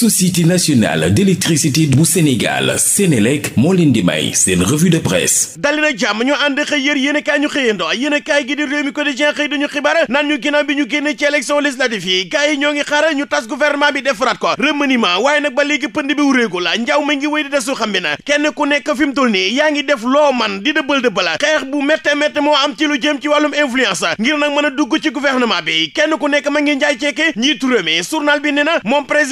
société nationale d'électricité bu Sénégal Sénélec moo leen di may de presse dali na ñu ànd xëy yër yéen a kaay ñu xëyandoo yéen a kaay gi di réew mi quotidien xëy dañu xibaar naan ñu ginnaaw bi ñu génnee ci élection législative yi gars ñoo ngi xaar ñu tas gouvernement bi defaraat ko remaniement waaye nag ba pënd bi wuréegu la njaw ma ngi wéy di desu xam kenn ku nekk fi mu nii yaa ngi def loo man di dëbbal dëbbala xeex bu métte métte moo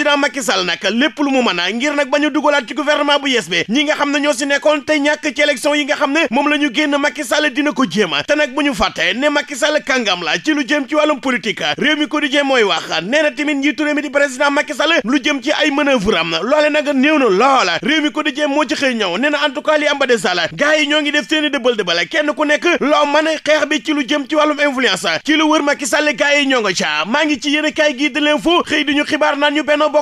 a Sall nag lépp lu mu na a ngir nag ba ñu ci gouvernement bu yees bi nga xam ne ñoo si nekkoon te ñàkk ci élection yi nga xam ne moom la ñu génn Macky Sall dina ko jéema te nag bu ñu fàtte ne Macky Sall la ci lu jëm ci wàllum politique réew mi quotidien mooy wax nee na tamit njiitu réew mi di président Macky lu jëm ci ay manœuvre am loole nag néew na loola réew mi quotidien moo ci xëy ñëw nee na en tout cas li de Sall gars yi ñoo ngi def seeni nekk loo mën a lu jëm ci wàllum influence ci lu wër Macky Sall nga ca maa ngi ci yéen a kaay gii di leen fu xëy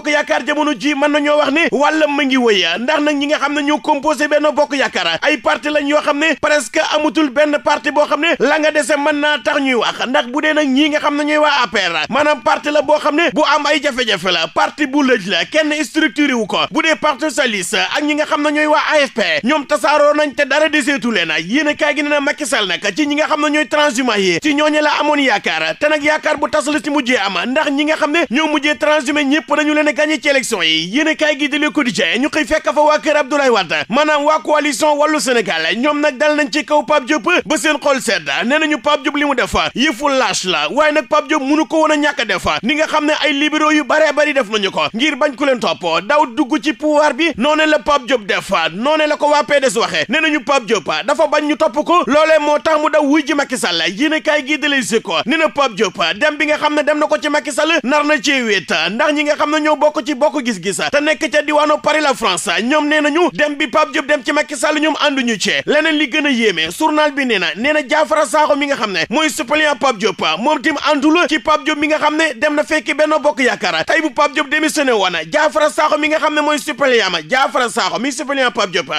yaakaar jamono ji mën nañoo wax ne wàlla ma ngi wëy ndax nag ñi nga xam ne ñoo composé benn bokk yaakaar ay parti lañ yoo xam ne presque amutul benn parti boo xam ne la nga dese mën naa tax ñuy wax ndax bu dee nag ñii nga xam na ñooy waa APR maanaam parti la boo xam ne bu am ay jafe-jafe la parti bu lëj la kenn structuré wu ko bu dee parti socialiste ak ñi nga xam ne ñooy waa AFP ñoom tasaaroo nañ te dara deseetu leen yéen a kaay gi nee na Macky Sall nag nga xam ne ñooy transhumant yi ci ñooñu la te nag yaakaar bu tas la ci ndax ñi nga xam ne ñoo mujjee transhumé ñëpp dañu leen a élection yi yéen a kaay gi di Le Quotidien ñu xëy waa kër Abdoulaye Wade waa coalition wàllu Sénégal ñoom nag dal nañ ci kaw Pape Diop ba seen xol sedd nee nañu Pape Diop li mu def yëfu la waaye nag Pape Diop mënu ko woon a ñàkk a def xam ne ay libéraux yu bare bari def nañu ko ngir bañ ku leen daw dugg ci pouvoir bi noonee la Pape Diop def noonee la ko waa PDS waxee nee nañu Pape Diop dafa bañ ñu topp ko loolee moo tax mu daw a bokk gis-gis te nekk ca diwaanu Paris la France ñoom nee dem bi Pape Diop dem ci Macky Sall ñoom ànduñu ci leneen li gën a yéeme journal bi nee na Jaafara Sakho mi nga xam ne mooy suppléant Pape Diop moom tim àndul ci Pape Diop mi nga xam ne dem na fekki Benno Bokk Yaakaar tey bu Pape Diop démissionné woon Jaafara Sakho mi nga xam ne mooy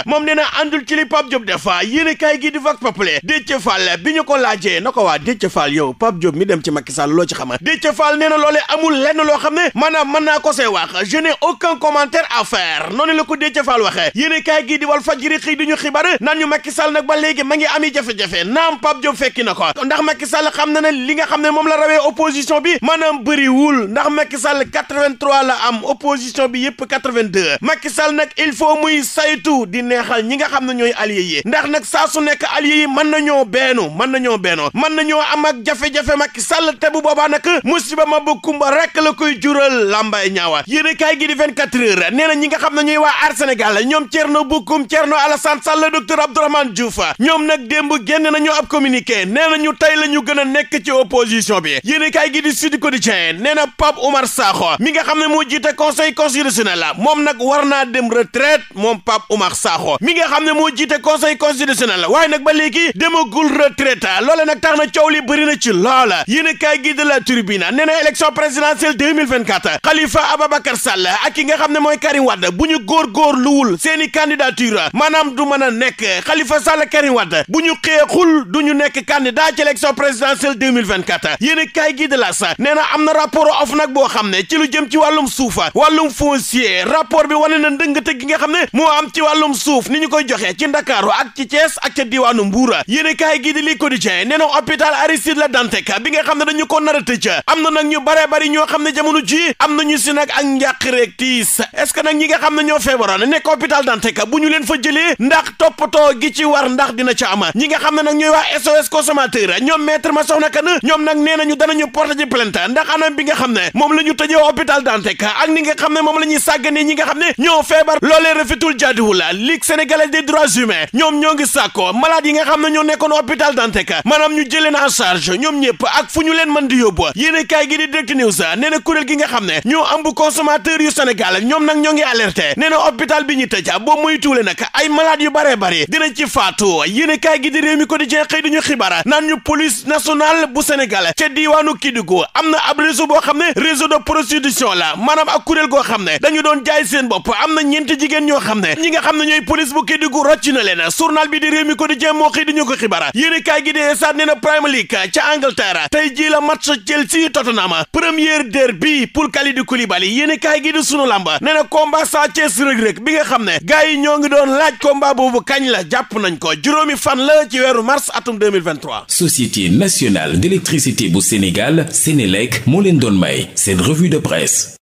moom nee na àndul ci li Pape Diop def yéen a kaay mi dem ci Macky Sall loo ci xam Déthié je n'ai aucun commentaire à faire noonu la ko Déthié Fall waxee yéen kaay gii di Walf Fadjri xëy di ñu xibaar naan ñu Macky Sall nag ba léegi ma ngi ami jafe-jafe naam Pape Diop fekki na ko ndax Macky Sall xam na na li nga xam ne moom la rawee opposition bi maanaam bëriwul ndax Macky Sall 83 la am opposition bi yëpp 82 Macky Sall nag il faut muy saytu di neexal ñi nga xam na ñooy allié yi ndax nag saa su nekk allié yi mën nañoo beenu mën nañoo beenoo mën nañoo am ak jafe-jafe Macky Sall te bu boobaa nag musiba ma ba kumba rek la koy jural lambay ñaawa yéen kaay gi di 24 heures nee na ñi nga xam ne ñuy waa Aar Sénégal ñoom Thierno Bocoum Thierno Alassane Sall docteur Abdourahmane Diouf ñoom nag démb génn nañu ab communiqué nee na ñu tey la ñu gën a nekk ci opposition bi yéen kaay gi di Sud Quotidien nee na Pape Oumar Sakho mi nga xam ne moo jiite conseil constitutionnel moom nag war naa dem retraite moom Pape Oumar Sakho nga xam ne moo jiite conseil constitutionnel waaye nag ba léegi demagul retraite loole nag tax na coow li bëri na ci loola yéen kaay gi de la Tribune nee na élection présidentielle 2024 Khalifa Sall ak ki nga mooy Karim Wade bu ñu góorgóorluwul seen i candidature maanaam du mën a nekk Khalifa Sall bu ñu du ñu nekk candidat ci élection présidentielle i kaay gi de la sa nee na am na rapport OFNAC boo xam gi nga xam ne moo am ci wàllum suuf ni ñu koy joxee ci Ndakaaru ak ca diwaanu Mbour yéen i kaay gi di li quotidien nee na hôpital Aristide Le Dantec bi nga xam ne dañu ko nar a am na nag ñu bare ñoo xam ne jamono ji am nañu si nag ak njàqareeg tiis est-ce ñi nga xam ne ñoo feebaroon nekk hôpital Dantec bu ñu leen fa jëlee ndax toppatoo gi ci war ndax dina ca ama ñi nga xam ne nag ñooy waa SOS consommateur ñoom maître ma soxna kan ñoom nag nee nañu danañu porter ji plainte ndax anam bi nga xam ne moom la ñu tëjee hôpital Dantec ak a nga xam ne moom la ñuy sàgganee ñi nga xam ne ñoo feebar loolee rafetul jaaduwul Ligue sénégalaise des droits humains ñoom ñoo ngi sàkko malade yi nga xam ne ñoo nekkoon hôpital Dantec maanaam ñu jëleen ñëpp ak fu leen mën di yóbbu kaay gi di direct news nee na gi nga xam ne ñoo ambu consommateur animateur yu Sénégal ñoom nag ñoo ngi alerté nee na hôpital bi ñu tëj boo muy tuule nag ay malade yu bare ci faatu yéen kaay gi di réew mi quotidien xëy duñu xibaar naan ñu police nationale bu Sénégal ca diiwaanu Kédougou am na ab réseau boo xam ne réseau de prostitution la maanaam ak kuréel goo xam ne dañu doon jaay seen bopp am na ñeenti jigéen ñoo xam ne ñi nga xam ne ñooy police bu Kédougou rocc na leen journal ko xibaar yéen kaay gi di na Premier League ca Angleterre tey jii la match Chelsea Tottenham première pour Kalidou Koulibaly yéen kaay gi di sunu làmba nee na combat Sa Thiès rëg-rëg bi nga xam ne gars yi ñoo ngi doon laaj combat boobu kañ la jàpp nañ ko juróomi fan la ci weeru mars atum 2023 société nationale d'électricité bu Sénégal Sénélec moo leen doon may seen revue de presse